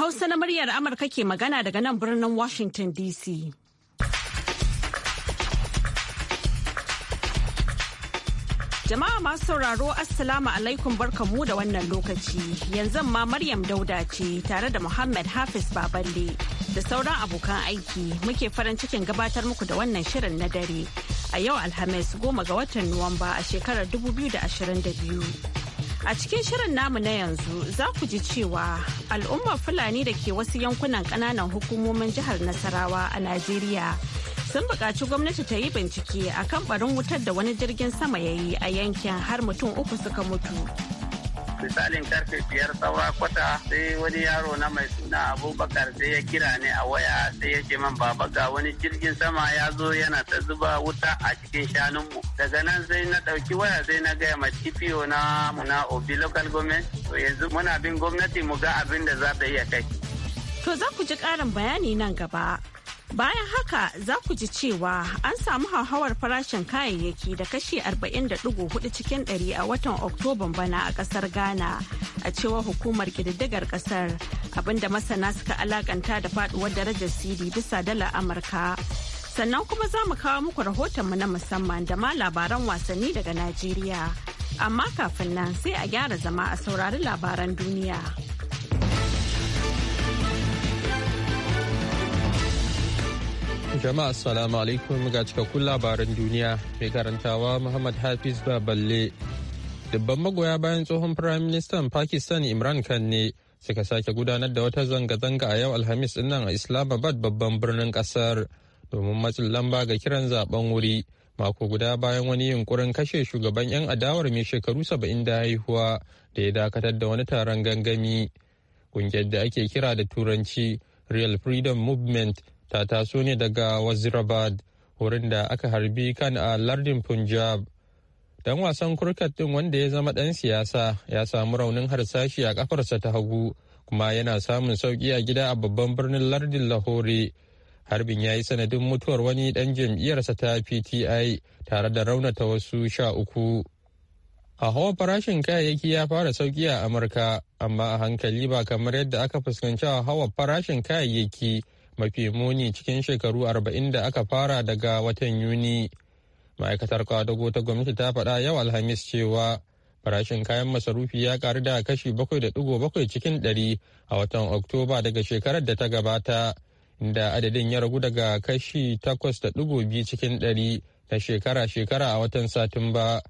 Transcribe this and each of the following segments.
Hausa na muryar Amurka ke magana daga nan birnin Washington DC. Jama'a masu sauraro Assalamu alaikum mu da wannan lokaci. Yanzu ma Maryam Dauda ce tare da Muhammad Hafiz Baballe da sauran abokan aiki muke farin cikin gabatar muku da wannan shirin na dare. A yau Alhamis goma ga watan Nuwamba a shekarar 2022. A cikin shirin namu na yanzu za ku ji cewa al'ummar Fulani da ke wasu yankunan ƙananan hukumomin jihar Nasarawa a Najeriya sun buƙaci gwamnati ta yi bincike akan barin wutar da wani jirgin sama ya yi a yankin har mutum uku suka mutu. misalin karfe biyar saura kwata sai wani yaro na mai suna abubakar sai ya kira ne a waya sai ya ce man baba ga wani jirgin sama ya zo yana ta zuba wuta a cikin shanunmu daga nan sai na ɗauki waya sai na gaya ma cpo na na obi local government to yanzu muna bin gwamnati mu ga abin da za ta iya kai. To za ku ji ƙarin bayani nan gaba. Bayan haka za ku ji cewa an samu hauhawar farashin kayayyaki da kashi 40.4 cikin 100 a watan Oktoban bana a kasar Ghana a cewar hukumar kididdigar kasar abinda masana suka alakanta da faduwar darajar siri bisa dala Amurka. Sannan kuma za mu kawo muku rahotonmu na musamman da ma labaran wasanni daga Najeriya. Amma kafin nan sai a gyara zama a saurari labaran duniya. Jama'a assalamu alaikum ga cikakkun labaran duniya mai karantawa Muhammad Hafiz Baballe. Dubban magoya bayan tsohon Firayim Ministan Pakistan Imran Khan ne suka sake gudanar da wata zanga-zanga a yau Alhamis nan a Islamabad babban birnin kasar domin matsin lamba ga kiran zaben wuri mako guda bayan wani yunkurin kashe shugaban 'yan adawar mai shekaru saba'in da haihuwa da ya dakatar da wani taron gangami. Kungiyar da ake kira da Turanci Real Freedom Movement ta taso ne daga wazirabad wurin da aka harbi kan a lardin punjab dan wasan kurkat din wanda ya zama dan siyasa ya samu raunin harsashi a kafarsa ta hagu kuma yana samun sauki a gida a babban birnin lardin lahore harbin ya yi sanadin mutuwar wani dan jam'iyyarsa ta pti tare da raunata wasu sha uku a hawa farashin kayayyaki ya fara sauki a amurka amma a hankali ba kamar yadda aka fuskanci a hawa farashin kayayyaki mafi muni cikin shekaru arba'in da aka fara daga watan yuni ma'aikatar kwadago ta gwamnati ta faɗa yau alhamis cewa farashin kayan masarufi ya karu da kashi bakwai da bakwai cikin ɗari a watan oktoba daga shekarar da ta gabata inda adadin ya ragu daga kashi takwas da biyu cikin ɗari na shekara-shekara a watan satumba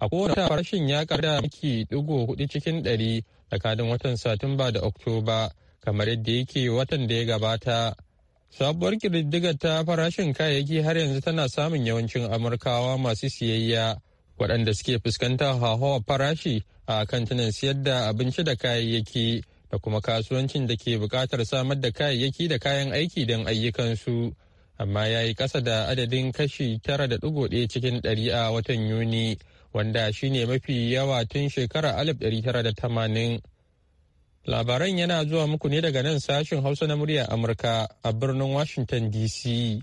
a kowace farashin ya karu da miki ɗigo huɗu cikin ɗari tsakanin watan satumba da oktoba kamar yadda yake watan da ya gabata. Sabuwar ƙididdigar ta farashin kayayyaki har yanzu tana samun yawancin Amurkawa masu siyayya waɗanda suke fuskantar hauhawar farashi a kantinan siyar da abinci da kayayyaki da kuma kasuwancin da ke buƙatar samar da kayayyaki da kayan aiki don ayyukansu. Amma ya yi ƙasa da adadin kashi tara da ɗaya cikin ɗari a watan Yuni, wanda shine mafi yawa tun shekarar alif ɗari tara da tamanin. Labaran yana zuwa muku ne daga nan sashen Hausa na muryar Amurka a birnin Washington DC.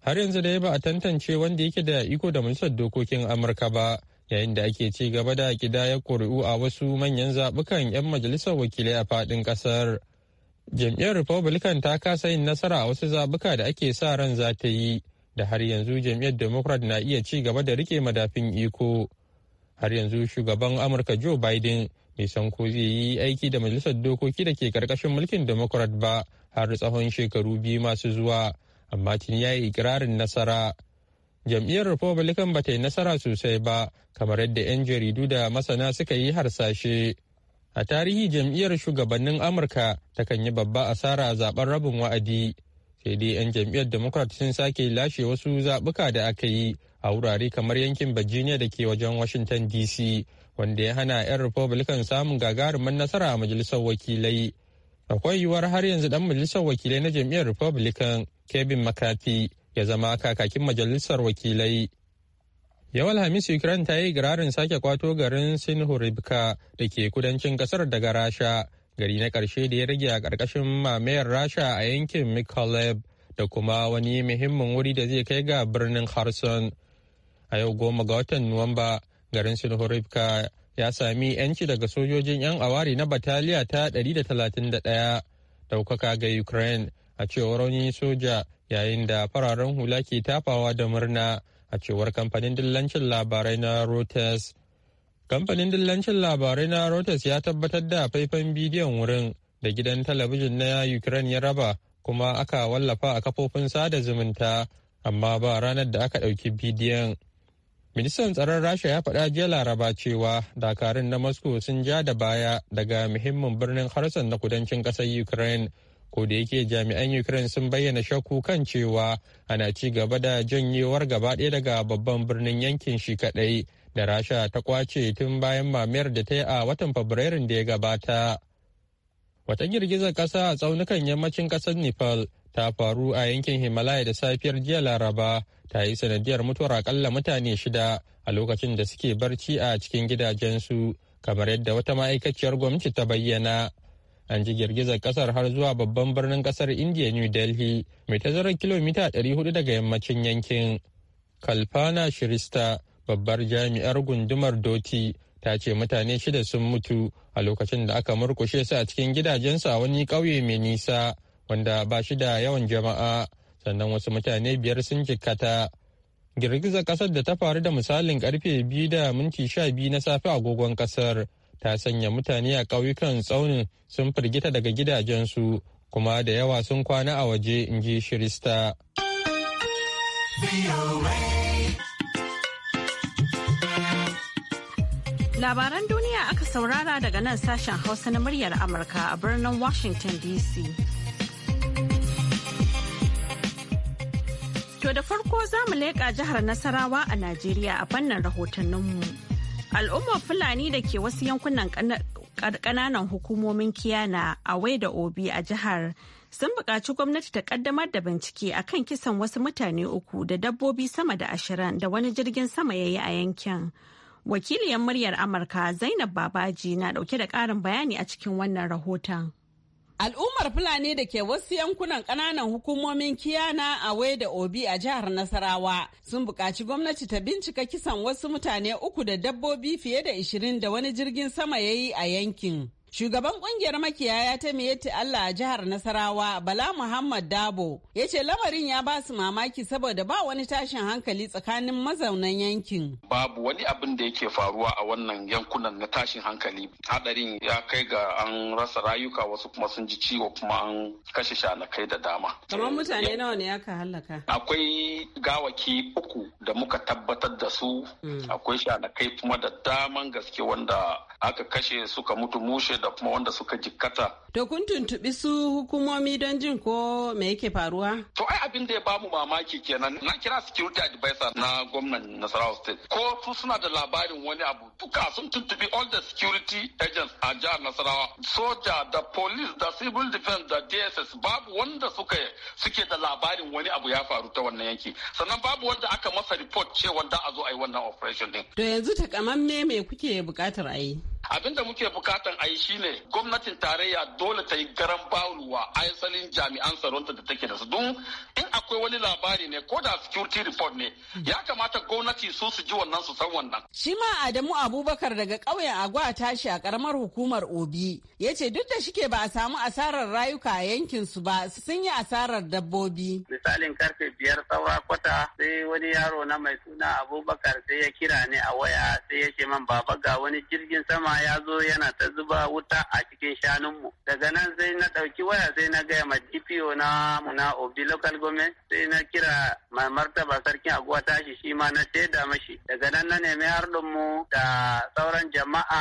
Har yanzu dai ba a tantance wanda yake da iko da majalisar dokokin Amurka ba, yayin da ake ci gaba da kidayar ƙuri'u a wasu manyan zaɓukan 'yan majalisar wakilai a faɗin ƙasar. Jam'iyyar Republican ta kasa yin nasara a wasu zaɓuka da ake sa ran za ta yi, da har yanzu jam'iyyar Democrat na iya ci gaba da riƙe madafin iko. Har yanzu shugaban Amurka Joe Biden bai san ko zai yi aiki da majalisar dokoki da ke karkashin mulkin democrat ba har tsawon shekaru biyu masu zuwa amma tuni ya yi ikirarin nasara jam'iyyar republican ba ta yi nasara sosai ba kamar yadda 'yan jaridu da masana suka yi harsashe a tarihi jam'iyyar shugabannin amurka ta kan yi babba asara a zaben rabin wa'adi sai dai 'yan jam'iyyar democrat sun sake lashe wasu zaɓuka da aka yi a wurare kamar yankin virginia da ke wajen washington dc wanda ya hana 'yan republican samun gagarumin nasara a majalisar wakilai akwai yiwuwar har yanzu dan majalisar wakilai na jam'iyyar republican kevin mccarthy ya zama kakakin majalisar wakilai yau alhamis ukraine ta yi girarin sake kwato garin sinhuribka da ke kudancin kasar daga rasha gari na karshe da ya rage a karkashin mamayar rasha a yankin mikolab da kuma wani muhimmin wuri da zai kai ga birnin kherson a yau goma ga watan nuwamba garin sinhorivka ya sami 'yanci daga sojojin 'yan awari na bataliya ta 131 daukaka ga ukraine a cewar wani soja yayin da fararen hula ke tafawa da murna a cewar kamfanin dillancin labarai na reuters kamfanin dillancin labarai na reuters ya tabbatar da faifan bidiyon wurin da gidan talabijin na ukraine ya raba kuma aka wallafa a kafofin sada zumunta amma ba ranar da aka ɗauki bidiyon ministan tsaron rasha ya faɗa jiya laraba cewa dakarun na moscow sun ja da baya daga muhimmin birnin harsan na kudancin ƙasar ukraine ko da yake jami'an ukraine sun bayyana shakku kan cewa ana ci gaba da janyewar gaba ɗaya daga babban birnin yankin shi kaɗai da rasha ta kwace tun bayan mamayar da ta yi a watan fabrairun da ya gabata wata girgizar ƙasa a tsaunukan yammacin ƙasar nepal ta faru a yankin Himalaya da safiyar jiya Laraba ta yi sanadiyar mutuwar akalla mutane shida a lokacin da suke barci a cikin gidajensu kamar yadda wata ma'aikaciyar gwamnati ta bayyana. An ji girgizar kasar har zuwa babban birnin kasar India New Delhi mai tazarar kilomita 400 daga yammacin yankin. Kalfana Shirista babbar jami'ar gundumar Doti ta ce mutane shida sun mutu a lokacin da aka murkushe su a cikin gidajensu a wani ƙauye mai nisa wanda ba shi da yawan jama'a sannan wasu mutane biyar sun jikkata girgizar kasar da ta faru da misalin karfe biyu da minti sha biyu na safe agogon kasar ta sanya mutane a ƙauyukan tsaunin sun firgita daga gidajensu kuma da yawa sun kwana a waje in ji shirista labaran duniya aka saurara daga nan sashen hausa na muryar amurka a birnin washington dc To da farko za mu leƙa jihar Nasarawa a Najeriya a fannin rahotanninmu. Al'ummar Fulani da ke wasu yankunan ƙananan hukumomin Kiyana a wai da Obi a jihar sun buƙaci gwamnati ta ƙaddamar da bincike a kan kisan wasu mutane uku da dabbobi sama da ashirin da wani jirgin sama ya yi a yankin. Wakiliyar muryar Amurka Zainab Babaji na ɗauke da ƙarin bayani a cikin wannan rahoton. Al'ummar Fulani da ke wasu yankunan ƙananan hukumomin Kiyana a da Obi a jihar Nasarawa sun buƙaci gwamnati ta bincika kisan wasu mutane uku da dabbobi fiye da ishirin da wani jirgin sama ya yi a yankin. Shugaban kungiyar makiyaya ta Miyetti Allah a jihar Nasarawa Bala Muhammad Dabo ya ce lamarin ya ba su mamaki saboda ba wani tashin hankali tsakanin mazaunan yankin. Babu wani abin da yake faruwa a wannan yankunan na tashin hankali. Hadarin ya kai ga an rasa rayuka wasu kuma sun ji ciwo kuma an kashe shanakai da dama. Kamar mutane nawa ne aka halaka? Akwai gawaki uku da muka tabbatar da su. Hmm. Akwai shanakai kuma da daman gaske wanda aka kashe suka mutu mushe da kuma wanda suka jikkata. To kun tuntuɓi su hukumomi don jin ko me yake faruwa? To ai abin da ya bamu mamaki kenan na kira security advisor na gwamnan Nasarawa state. Ko su suna da labarin wani abu duka sun tuntuɓi all the security agents a jihar Nasarawa. Soja da police da civil defense da DSS babu wanda suka suke da labarin wani abu ya faru ta wannan yanki. Sannan babu wanda aka masa report cewa da a zo a yi wannan operation din. To yanzu takamamme me kuke bukatar a yi? abinda muke bukatan a yi shine gwamnatin tarayya dole ta yi garan bawulwa asalin jami'an tsaronta da take da su don in akwai wani labari ne ko da security report ne ya kamata gwamnati su su ji wannan su san wannan shi ma adamu abubakar daga ƙauyen agwa tashi a karamar hukumar obi ya ce duk da shike ba a samu asarar rayuka a yankin su ba sun yi asarar dabbobi misalin karfe biyar saura kwata sai wani yaro na mai suna abubakar sai ya kira ne a waya sai ya ce man baba ga wani jirgin sama ya zo yana ta zuba wuta a cikin shanunmu daga nan sai na ɗauki waya sai na gaya ma dpo na na obi local government sai na kira mai martaba sarkin aguwa tashi shi ma na shaida mashi daga nan na nemi harɗin mu da sauran jama'a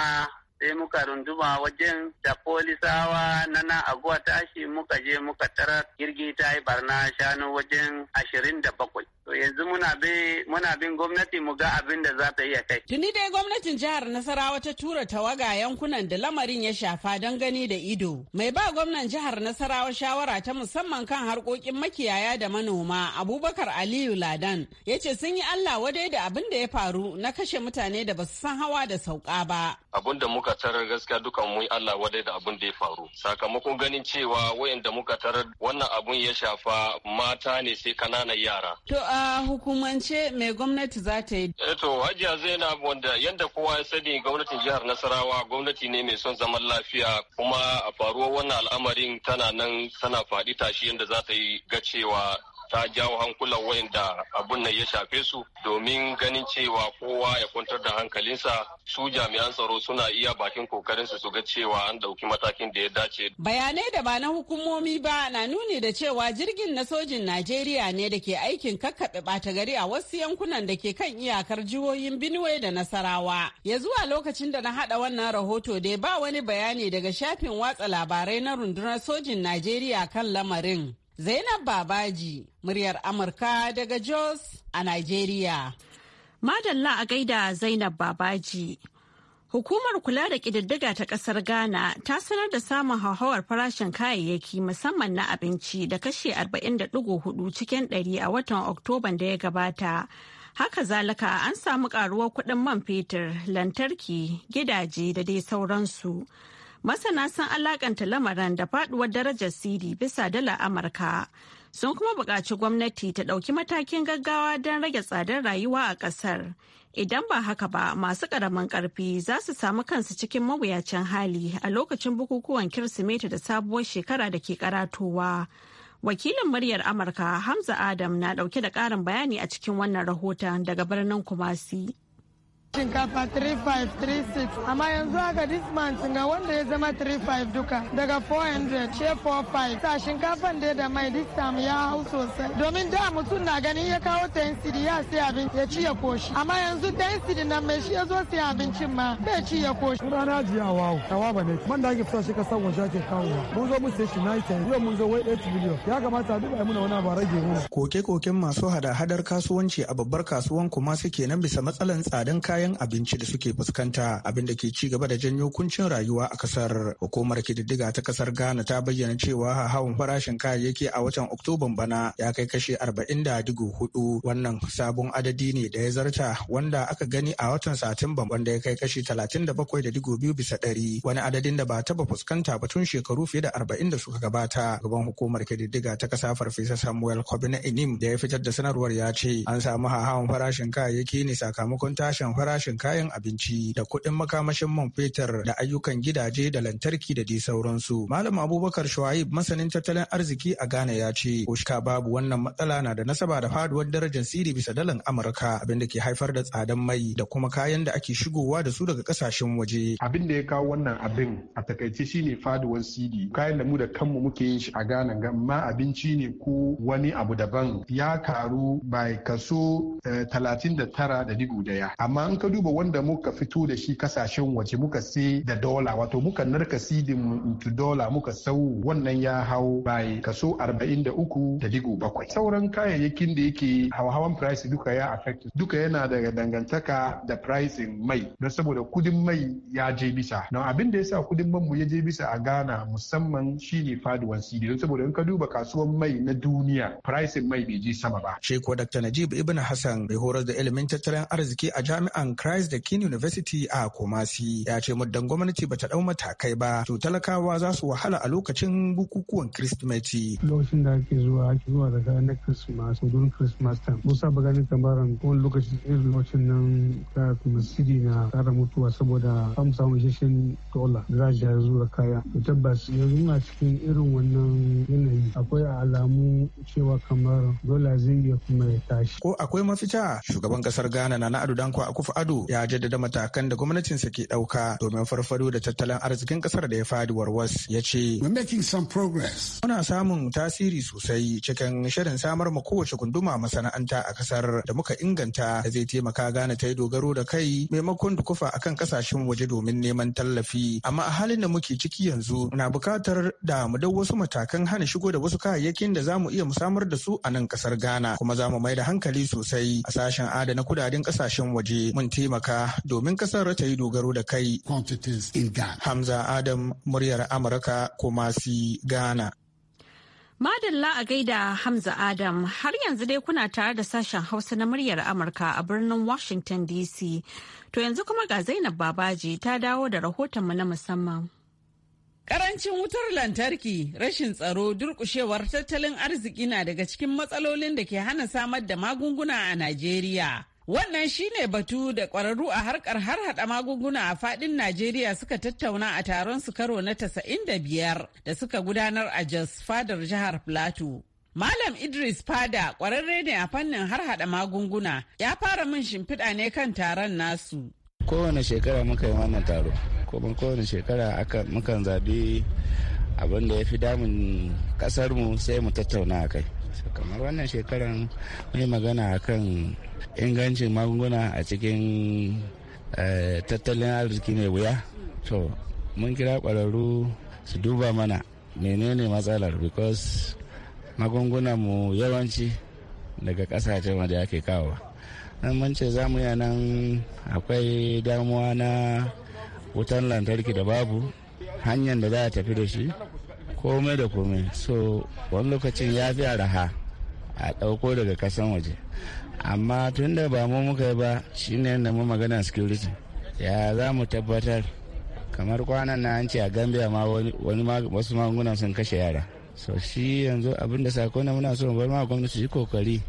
sai muka runduma wajen da polisawa na na aguwa tashi muka je muka tara jirgi ta yi barna shanu wajen ashirin da bakwai. To yanzu muna bin gwamnati mu ga abin da za ta iya kai. Tuni dai gwamnatin jihar Nasarawa ta tura tawaga yankunan da lamarin ya shafa don gani da ido. Mai ba gwamnan jihar Nasarawa shawara ta musamman kan harkokin makiyaya da manoma Abubakar Aliyu Ladan ya ce sun yi Allah wadai da abin da ya faru na kashe mutane da ba su san hawa da sauka ba. Abin da muka tarar gaskiya dukan mu Allah wadai da abin da ya faru sakamakon ganin cewa wayanda muka tarar wannan abun ya shafa mata ne sai kananan yara to a hukumance mai gwamnati za ta yi eh to Hajiya Zainab wanda yanda kowa ya sani gwamnatin jihar Nasarawa gwamnati ne mai son zaman lafiya kuma a faruwar wannan al'amarin tana nan tana faɗi tashi yanda za ta yi ga cewa ta jawo hankulan wa'inda abun nan ya shafe su domin ganin cewa kowa ya kwantar da hankalinsa su jami'an tsaro suna iya bakin kokarin su ga cewa an dauki matakin da ya dace. Bayanai da ba na hukumomi ba na nuni da cewa jirgin na sojin Najeriya ne da ke aikin kakkaɓe ɓata gari a wasu yankunan da ke kan iyakar jihohin Benue da Nasarawa. Ya zuwa lokacin da na haɗa wannan rahoto dai ba wani bayani daga shafin watsa labarai na rundunar sojin Najeriya kan lamarin. Zainab Babaji, muryar Amurka daga Jos a Najeriya. Madalla a gaida Zainab Babaji. Hukumar kula da ƙididdiga ta ƙasar Ghana ta sanar da samun hauhawar farashin kayayyaki musamman na abinci da kashe 40.4 cikin 100 a watan Oktoban da ya gabata. Haka zalika an samu ƙaruwar kuɗin man fetur, lantarki, gidaje da dai sauransu. Masana sun alakanta lamarin da faduwar darajar CD bisa dala Amurka. Sun kuma buƙaci gwamnati ta ɗauki matakin gaggawa don rage tsadar rayuwa a ƙasar. Idan ba haka ba masu ƙaramin ƙarfi za su samu kansu cikin mawuyacin hali a lokacin bukukuwan Kirsimeti da sabuwar shekara da ke karatowa. Wakilin muryar Amurka Hamza Adam na ɗauke da ƙarin bayani a cikin wannan rahoton daga birnin Kumasi. Shinkafa 35-36 amma yanzu haka dismount ga wanda ya zama 35 duka daga 400 ce 45 sa shinkafan da da mai time ya hau sosai domin da mutum na ganin ya kawo 10 sidi ya sai abin ya ci ya koshi amma yanzu 10 sidi nan mai shi ya zo sai abincin ma bai ci ya koshi. Rana jiya wawo tawa ba ne man da ake fita shi ka san waje ake kawo mun zo mun sai shi 90 yau mun zo wai 8 miliyan ya kamata duba muna wani ba rage mu. Koke-koken masu hada-hadar kasuwanci a babbar kasuwan kuma suke nan bisa matsalan tsadan kayan kayan abinci da suke fuskanta abin da ke ci gaba da janyo kuncin rayuwa a kasar hukumar kididdiga ta kasar ghana ta bayyana cewa hawan farashin kayayyaki a watan oktoban bana ya kai kashe arba'in da digo hudu wannan sabon adadi ne da ya zarta wanda aka gani a watan satumba wanda ya kai kashi talatin da bakwai da digo biyu bisa ɗari wani adadin da ba taba fuskanta ba tun shekaru fiye da arba'in da suka gabata gaban hukumar kididdiga ta kasa farfesa samuel Kwabi na inim da ya fitar da sanarwar ya ce an samu hawan farashin kayayyaki ne sakamakon tashin farashin farashin kayan abinci da kuɗin makamashin man fetur da ayyukan gidaje da lantarki da dai sauransu. Malam Abubakar Shuaib masanin tattalin arziki a Ghana ya ce, Kushka babu wannan matsala na da nasaba da faduwar darajar siri bisa dalan Amurka abin da ke haifar da tsadan mai da kuma kayan da ake shigowa da su daga kasashen waje. Abin da ya kawo wannan abin a takaice shine faduwar siri kayan da mu da kanmu muke yin shi a Ghana amma abinci ne ko wani abu daban ya karu by kaso eh, talatin da tara da digo daya amma in ka duba wanda muka fito da shi kasashen waje muka sai da dola wato muka narka sidin to dola muka sau wannan ya hau bai kaso 43.7 digo bakwai sauran kayayyakin da yake hawa-hawan price duka ya affect duka yana daga dangantaka da pricing mai don saboda kudin mai ya je bisa na abin da ya sa kudin man mu ya je bisa a Ghana musamman shine faduwan sidi don saboda in ka duba kasuwan mai na duniya pricing mai bai je sama ba shi ko Dr. Najib Ibn Hassan bai horar da ilimin tattalin arziki a jami'an Christ the King University a Kumasi ya ce muddan gwamnati bata dau matakai ba to talakawa za su wahala a lokacin bukukuwan Kirsimeti. Lokacin da ake zuwa ake zuwa da kayan na Christmas ko don Christmas time. Musa gani kambaran ko lokacin irin lokacin nan kara Masjidi na kara mutuwa saboda an samu isasshen dola da za a zuwa kaya. To tabbas yanzu muna cikin irin wannan yanayi akwai alamu cewa kamar dola zai iya kuma ya tashi. Ko akwai mafita shugaban kasar Ghana na Ado a Akufo ado ya jaddada matakan da gwamnatinsa ke ɗauka domin farfado da tattalin arzikin ƙasar da ya fadi warwas ya ce muna samun tasiri sosai cikin shirin samar ma kowace gunduma masana'anta a kasar da muka inganta da zai taimaka gane ta yi dogaro da kai maimakon dukufa a kan ƙasashen waje domin neman tallafi amma a halin da muke ciki yanzu na bukatar da mu dau wasu matakan hana shigo da wasu kayayyakin da za mu iya mu samar da su a nan ƙasar ghana kuma za mu mai da hankali sosai a sashen adana kudaden ƙasashen waje samun taimaka domin kasar ta yi dogaro da kai. Hamza Adam muryar Amurka kuma si Ghana. Madalla a gaida Hamza Adam har yanzu dai kuna tare da sashen Hausa na muryar Amurka a birnin Washington DC. To yanzu kuma ga Zainab Babaji ta dawo da rahotonmu na musamman. Karancin wutar lantarki, rashin tsaro, durkushewar tattalin arziki na daga cikin matsalolin da ke hana samar da magunguna a Najeriya. Wannan shine batu da ƙwararru a harkar har hada magunguna a fadin Najeriya suka tattauna a taron su karo na 95 da biyar da suka gudanar a Jos Fadar jihar Plateau. Malam Idris Fada ƙwararre ne a fannin har hada magunguna ya fara min shimfiɗa ne kan taron nasu. Kowane shekara muka yi wannan taro, kuma kowane shekara mukan zabi abin ya fi damun ƙasarmu sai mu tattauna a kai. kamar wannan shekaran mai magana a kan ingancin magunguna a cikin eh, tattalin arziki mai wuya to mun kira kwararru su duba mana menene matsalar because magungunan mu yawanci daga ƙasashen wanda ake kawo nan mun ce za mu nan akwai damuwa na wutan lantarki da babu hanyar da za a tafi da shi komai da komai so wani lokacin ya fi araha a ɗauko daga kasan waje amma tun da ba mu muka yi ba shine yadda mu magana security ya za mu tabbatar kamar kwanan na an ce a gambia ma wani wasu magunguna sun kashe yara so shi yanzu abinda da sako na muna so bar ma gwamnati yi kokari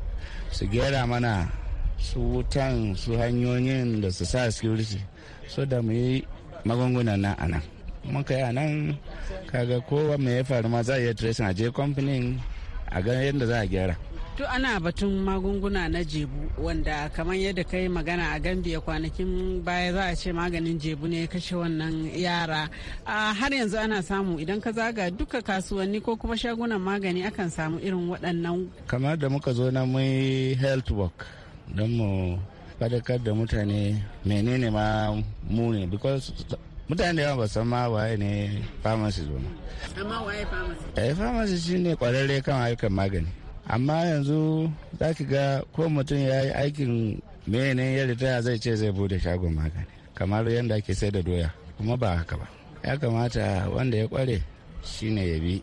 su gera mana su wutan su hanyoyin da su sa security so da mu yi magungunan a nan. muka yi a nan kaga kowa mai ya faru ma za a iya tracing a je kamfanin a ga yadda za a gyara to ana batun magunguna na jebu wanda kamar yadda ka yi magana a gambia kwanakin baya za a ce maganin jebu ne kashe wannan yara har yanzu ana samu idan ka zaga duka kasuwanni ko kuma shagunan magani akan samu irin waɗannan kamar da muka zo na mai health work don mu fadakar da mutane menene ma mu because mutane da yawa ba san ma waye ne pharmacist ba amma waye famasi. eh pharmacist shine kwararre kan aikin magani amma yanzu za ki ga ko mutum ya yi aikin menene ya ritaya zai ce zai bude shagon magani kamar yadda ake sai da doya kuma ba haka ba ya kamata wanda ya kware shine ya bi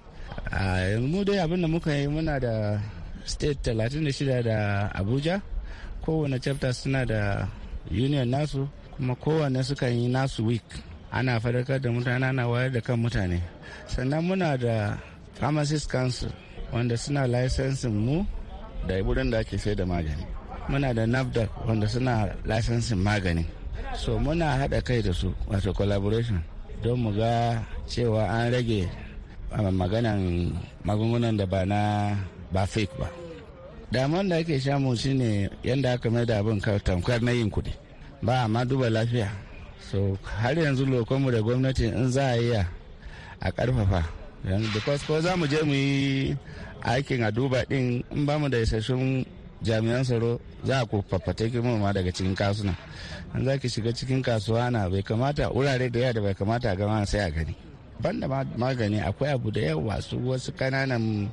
a mu dai abinda muka yi muna da state 36 da abuja kowane chapter suna da union nasu kuma kowane sukan yi nasu week ana fadakar da mutane ana wayar da kan mutane sannan muna da pharmacist council wanda suna laisensin mu da wurin da ake sai da magani muna da nafdac wanda suna laisensin magani so muna haɗa kai da su wato collaboration don mu ga cewa an rage um, maganan magungunan da ba na ba fake ba damar da ake shamu shine yadda aka mai da abin tamkar na yin kuɗi ba amma duba lafiya so har yanzu lokonmu da gwamnati in za a iya a karfafa because ko za mu je mu yi aikin a duba din in ba mu da isassun jami'an tsaro za a fafata ma daga cikin kasuna an za ki shiga cikin kasuwa na bai kamata wurare da yawa da bai kamata a gama sai a gani banda magani akwai abu da yawa su wasu kananan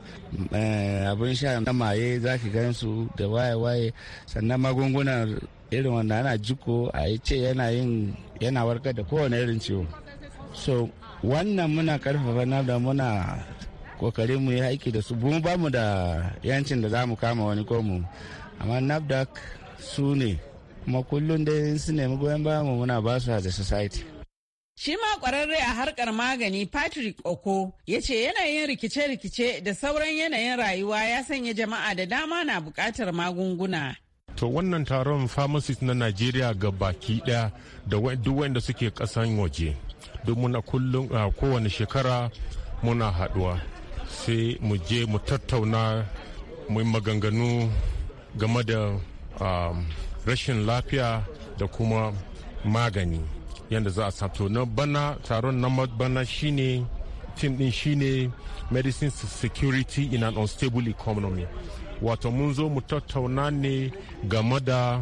eh, abin sha na maye za ki gan su da waye-waye sannan magungunan irin wanda ana jiko a yi ce yana yin yana warkar da kowane irin ciwo so wannan muna karfafa na da muna kokari mu yi aiki da su mu ba mu da yancin da za mu kama wani ko mu amma nafdak su ne kuma kullum dai su nemi goyon ba mu muna ba su da society Shi ma kwararre a harkar magani Patrick Oko ya ce yanayin rikice-rikice da sauran yanayin rayuwa ya sanya jama'a da dama na bukatar magunguna. To wannan taron pharmacist na Najeriya ga baki daya da duk wanda suke kasan waje. Duk muna kullum a kowane shekara muna haduwa sai mu je mu tattauna mu maganganu game da um, rashin lafiya da kuma magani. yadda za a sato na bana taron na bana shine tim din shine medicine security in an unstable economy wato mun zo mu tattauna ne game da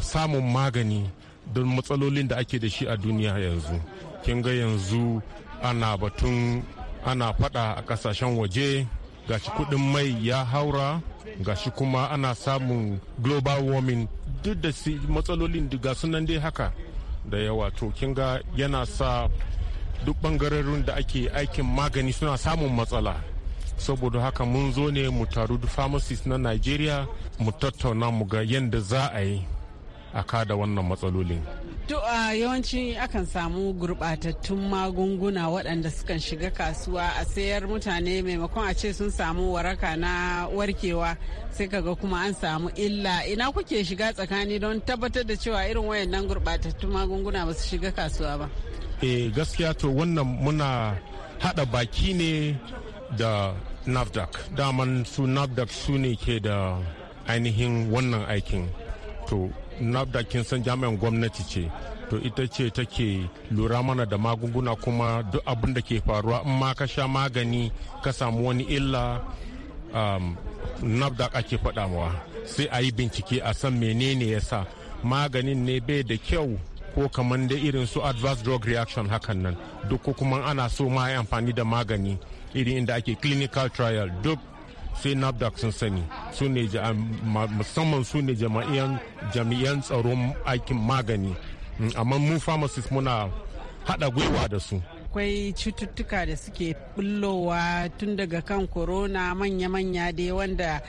samun magani don matsalolin da ake da shi a duniya yanzu kin ga yanzu ana batun ana fada a kasashen waje gashi kudin mai ya haura gashi kuma ana samun global warming duk da matsalolin ga sunan dai haka da yawa to kin ga yana sa duk bangarorin da ake aikin magani suna samun matsala saboda haka mun zo ne mu taru duk pharmacies na nigeria mu tattauna mu ga yadda za a yi a kada wannan matsalolin to a yawanci akan samu gurbatattun magunguna waɗanda suka shiga kasuwa a sayar mutane maimakon a ce sun samu waraka na warkewa sai kaga kuma an samu illa ina kuke shiga tsakani don tabbatar da cewa irin wayannan gurbatattun magunguna ba su shiga kasuwa ba eh gaskiya to wannan muna hada baki ne da nafdac daman su nafdac su ne ke da ainihin wannan aikin to nafda kin san jami'an gwamnati ce to ita ce take lura mana da magunguna kuma duk abin da ke faruwa in ma ka sha magani ka samu wani illa um, nafda ake faɗawa sai a yi bincike a san menene ya sa maganin ne bai da kyau ko kamar da irin su adverse drug reaction hakan nan duk ko kuma ana so ma amfani da magani irin inda ake clinical trial duk sai nafdac sun sani musamman su ne jami'an tsaron aikin magani mm, amma mu pharmacist muna hada gwiwa da su akwai cututtuka da suke bullowa tun daga kan corona manya-manya dai wanda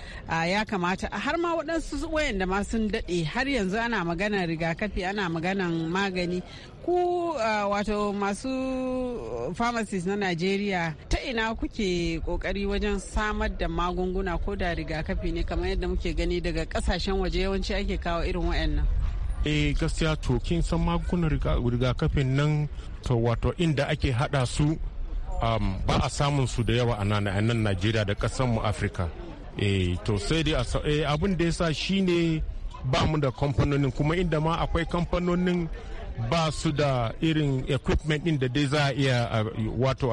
ya kamata har ma waɗansu wayanda ma sun daɗe har yanzu ana maganar rigakafi ana maganan magani ku uh, wato masu uh, pharmacies na najeriya ta ina kuke kokari wajen samar da magunguna ko da rigakafi ne kamar yadda muke gani daga kasashen waje yawanci ake kawo irin wa'annan. eh gaskiya to kin san magungunan rigakafin nan to wato inda ake hada su um, ba a samun su da yawa a nan najeriya da kasan mu africa eh to sai dai eh, abin da ya shine ba mu da kamfanonin kuma inda ma akwai kamfanonin ba su da irin equipment din da dai za a iya wato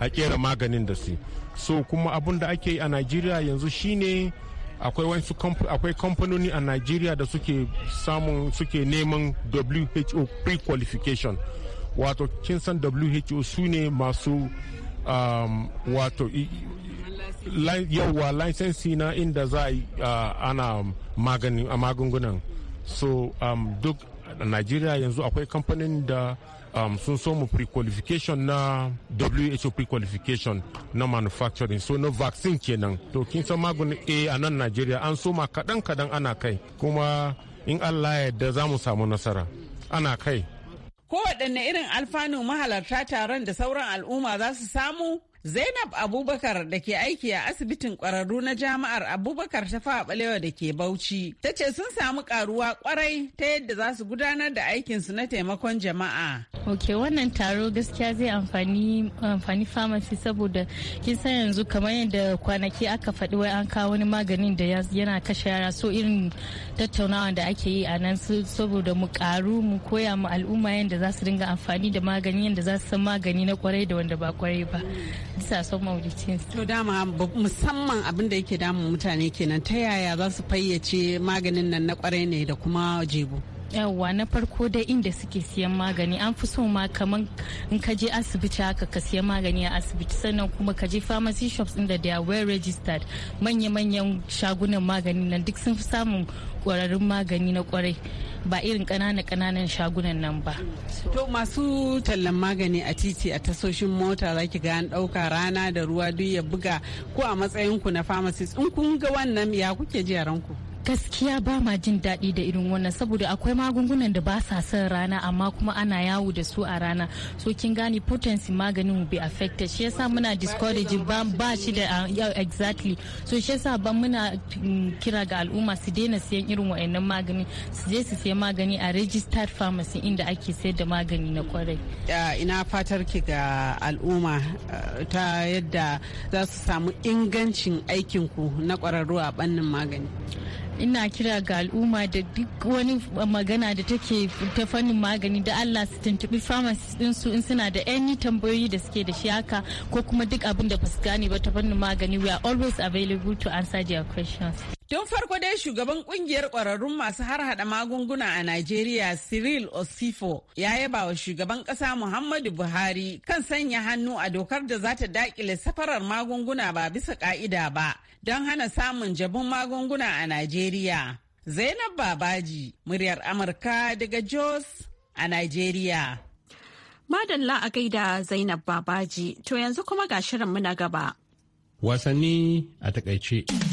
a kera maganin da su so kuma abun da ake yi a najeriya yanzu shine akwai akwai kamfanoni a najeriya da suke samun suke neman who pre-qualification wato kin san who su ne masu um, wato yauwa license na inda za a ana magungunan so um, duk najeriya yanzu akwai kamfanin da um, sun so mu pre-qualification na who pre-qualification na manufacturing so na vaccine kenan to kin san maganin a a nan najeriya an soma kadan kadan ana kai kuma in allah yarda za mu samu nasara ana kai kowaɗanne irin alfanu mahalarta taron da sauran al'umma za su samu Zainab Abubakar da ke aiki a asibitin kwararru na jama'ar Abubakar ta fa balewa da ke Bauchi ta ce sun samu karuwa kwarai ta yadda za su gudanar da aikinsu na taimakon jama'a. Ok wannan taro gaskiya zai amfani famasi saboda kin yanzu kamar yadda kwanaki aka faɗi wai an kawo wani maganin da yana kashe yara so irin tattaunawa da ake yi a nan saboda mu karu mu koya mu al'umma yadda za su dinga amfani da magani yadda za su san magani na kwarai da wanda ba kwarai ba. sa son to dama musamman abin da yake damun mutane kenan ta yaya za su fayyace maganin nan na kwarai ne da kuma jebu yawwa na farko dai inda suke siyan magani an fi so ma kaman in ka je asibiti haka ka siya magani a asibiti sannan kuma ka je pharmacy shops inda they are well registered manya-manyan shagunan magani nan duk sun fi samun kwararrun magani na kwarai ba irin ƙananan ƙananan shagunan nan ba. To masu tallan magani a titi a tasoshin mota za ki ga an ɗauka rana da ruwa duk ya buga ko a matsayinku na pharmacist in kun ga wannan ya kuke ji ranku. gaskiya ba ma jin daɗi da irin wannan saboda akwai magungunan da ba sa son rana amma kuma ana yawo da su a rana so kin gane potency maganin be affected shi yasa muna discourage ba ba shi da uh, exactly so shi yasa ba muna mm, kira ga al'umma su daina siyan irin wa'annan magani su je su siya magani a registered pharmacy inda ake sayar da magani na kwarai ina fatar ki ga al'umma uh, ta yadda za su samu ingancin aikin ku na kwararru a bannin magani ina kira ga al'umma da duk wani magana da take ta fannin magani da Allah su tuntubi pharmacist din su in suna da any tambayoyi da suke da shi haka ko kuma duk abin da ba su gane ba ta fannin magani we are always available to answer their questions Tun farko dai shugaban kungiyar ƙwararrun masu har hada magunguna a Najeriya Cyril Osifo ya yaba wa shugaban ƙasa Muhammadu Buhari kan sanya hannu a dokar da za ta dakile safarar magunguna ba bisa ƙa'ida ba don hana samun jabun magunguna a Najeriya. Zainab Babaji, muryar Amurka daga Jos a Najeriya. Madalla a gaida Zainab Babaji, to yanzu kuma ga shirin muna gaba. Wasanni a takaice.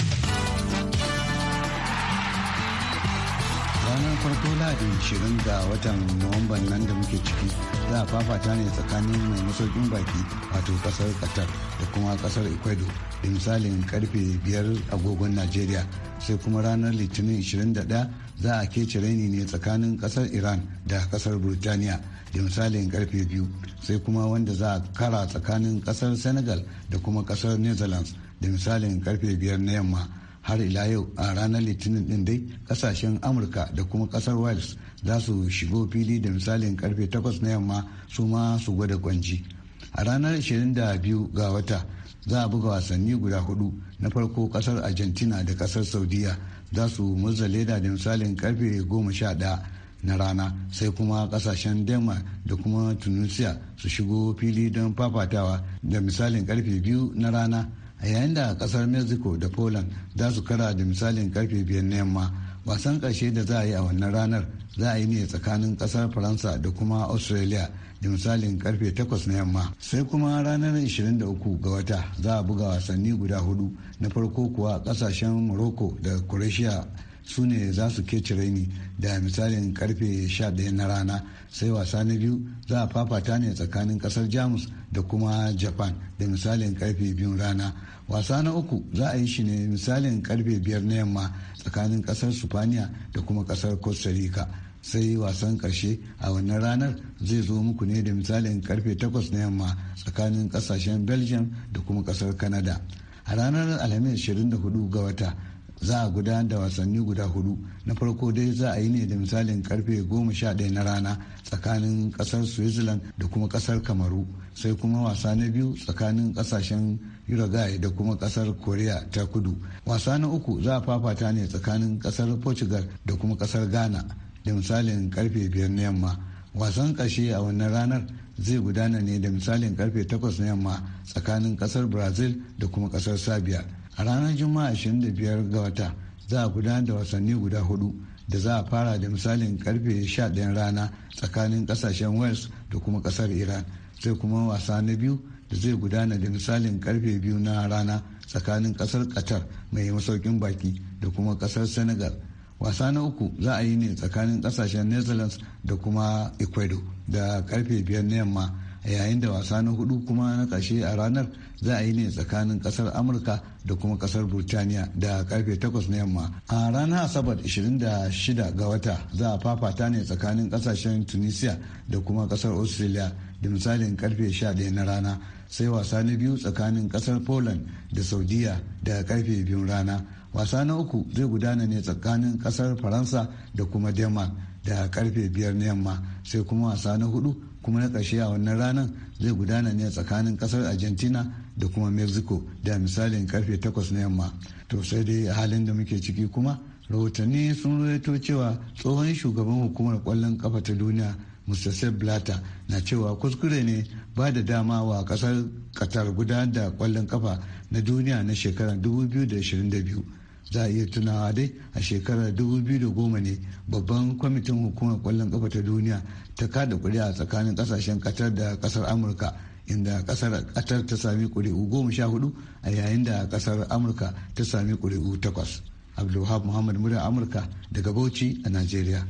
farko ladin shirin ga watan nuwamban nan da muke ciki za a fafata ne tsakanin mai masaukin baki wato kasar qatar da kuma kasar ecuador da misalin karfe 5 agogon najeriya sai kuma ranar litinin 21 za a kece raini ne tsakanin kasar iran da kasar burtaniya da misalin karfe biyu sai kuma wanda za a kara tsakanin kasar senegal da kuma kasar netherlands da misalin karfe biyar na yamma har ila yau a ranar litinin din dai kasashen amurka da kuma kasar wales za su shigo fili da misalin karfe 8 na yamma su ma su gwada kwanci a ranar 22 ga wata za a buga wasanni guda hudu na farko kasar argentina da kasar saudiya za su murza leda da misalin karfe 11 na rana sai kuma kasashen denmark da kuma tunisia su shigo fili don fafatawa da misalin karfe 2 na rana a yayin da kasar mexico da poland za su kara da misalin karfe biyar na yamma wasan karshe da za a yi a wannan ranar za a yi ne tsakanin kasar faransa da kuma australia da misalin karfe 8 na yamma sai kuma ranar 23 ga wata za a buga wasanni guda hudu na farko kuwa kasashen morocco da croatia su ne za su ke ni da misalin karfe 11 na rana sai wasa na biyu za a fafata ne tsakanin kasar jamus da kuma japan da misalin karfe biyun rana wasa na uku za a yi shi ne misalin karfe biyar na yamma tsakanin kasar spaniya da kuma kasar costa rica sai wasan karshe a wannan ranar zai zo muku ne da misalin karfe takwas na yamma tsakanin kasashen belgium da kuma kasar canada a ranar alhamis 24 ga wata za a gudanar da wasanni guda hudu na farko dai za a yi ne da misalin karfe goma sha ɗaya na rana tsakanin ƙasar switzerland da kuma ƙasar kamaru sai kuma wasa na biyu tsakanin ƙasashen uruguay da kuma ƙasar korea ta kudu wasa na uku za a fafata ne tsakanin ƙasar portugal da kuma ƙasar ghana da misalin karfe biyar na yamma wasan kashe a wannan ranar zai gudana ne da misalin karfe 8 na yamma tsakanin kasar brazil da kuma kasar sabia a ranar juma'a 25 ga wata za a gudanar da wasanni guda hudu da za a fara da misalin karfe 11 rana tsakanin kasashen wales da kuma kasar iran sai kuma wasa na biyu da zai gudana da misalin karfe biyu na rana tsakanin kasar qatar mai masaukin baki da kuma kasar senegal wasa na uku za a yi ne tsakanin kasashen netherlands da kuma ecuador da karfe biyar na yamma yayin da wasa na hudu kuma na ƙarshe a ranar za a yi ne tsakanin ƙasar amurka da kuma ƙasar burtaniya da karfe 8 na yamma a ranar asabar 26 ga wata za a fafata ne tsakanin ƙasashen tunisia da kuma ƙasar australia da misalin karfe 11 na rana sai wasa na biyu tsakanin ƙasar poland da saudiya da karfe biyun rana wasa na uku zai gudana ne tsakanin ƙasar faransa da kuma denmark da karfe biyar na yamma sai kuma wasa na hudu kuma na ƙarshe a wannan ranar zai gudana ne tsakanin ƙasar argentina da kuma mexico da misalin karfe 8 na yamma to sai dai halin da muke ciki kuma rahotanni sun rawaito cewa tsohon shugaban hukumar kwallon kafa ta duniya mr sepp blatter na cewa kuskure ne ba da dama wa kasar qatar gudanar da kwallon kafa na duniya na shekarar 2022 za a iya tunawa dai a shekarar 2010 ne babban kwamitin hukumar kwallon kafa ta duniya ta kada kuri'a tsakanin kasashen katar da kasar amurka inda kasar katar ta sami kuri'u goma sha hudu a yayin da kasar amurka ta sami kuri'u takwas abdulwahab muhammad murya amurka daga bauchi a nigeria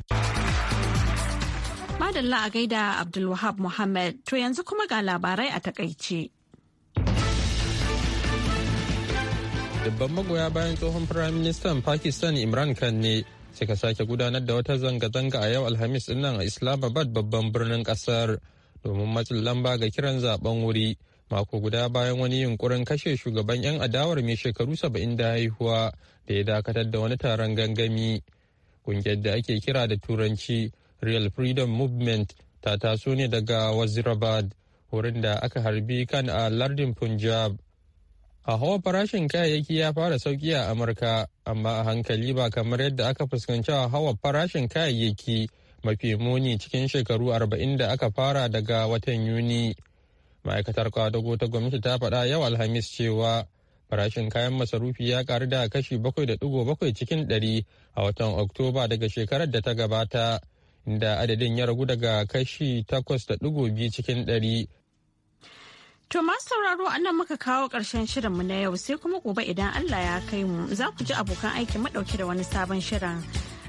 madalla a gaida abdulwahab muhammad to yanzu kuma ga labarai a takaice dubban magoya bayan tsohon firaministan pakistan imran khan ne suka sake gudanar da wata zanga-zanga a yau alhamis dinnan a islamabad babban birnin kasar domin matsin lamba ga kiran zaben wuri mako guda bayan wani yunkurin kashe shugaban 'yan adawar mai shekaru saba'in da haihuwa da ya dakatar da wani taron gangami kungiyar da ake kira da turanci real freedom movement ta taso ne daga wazirabad wurin da aka harbi kan a lardin punjab a hawa farashin kayayyaki ya fara sauki a amurka amma a hankali ba kamar yadda aka fuskanci a hawa farashin kayayyaki mafi muni cikin shekaru arba'in da aka fara daga watan yuni ma'aikatar kwadago ta gwamnati ta faɗa yau alhamis cewa farashin kayan masarufi ya karu da kashi bakwai da cikin ɗari a watan oktoba daga shekarar da ta gabata inda adadin ya ragu daga kashi takwas da biyu cikin ɗari To masu sauraro a nan muka kawo ƙarshen shirinmu na yau sai kuma gobe idan Allah ya kai mu za ku ji abokan aikin madauki da wani sabon shirin.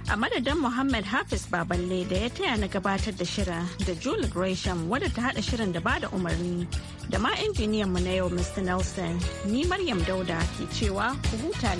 A madadin Muhammad Hafiz Baballe da ya taya na gabatar da shirin da Julie Gresham wadda ta haɗa shirin da ba da umarni da ma injiniyanmu na yau Mr. Nelson ni Maryam Dauda ke cewa ku huta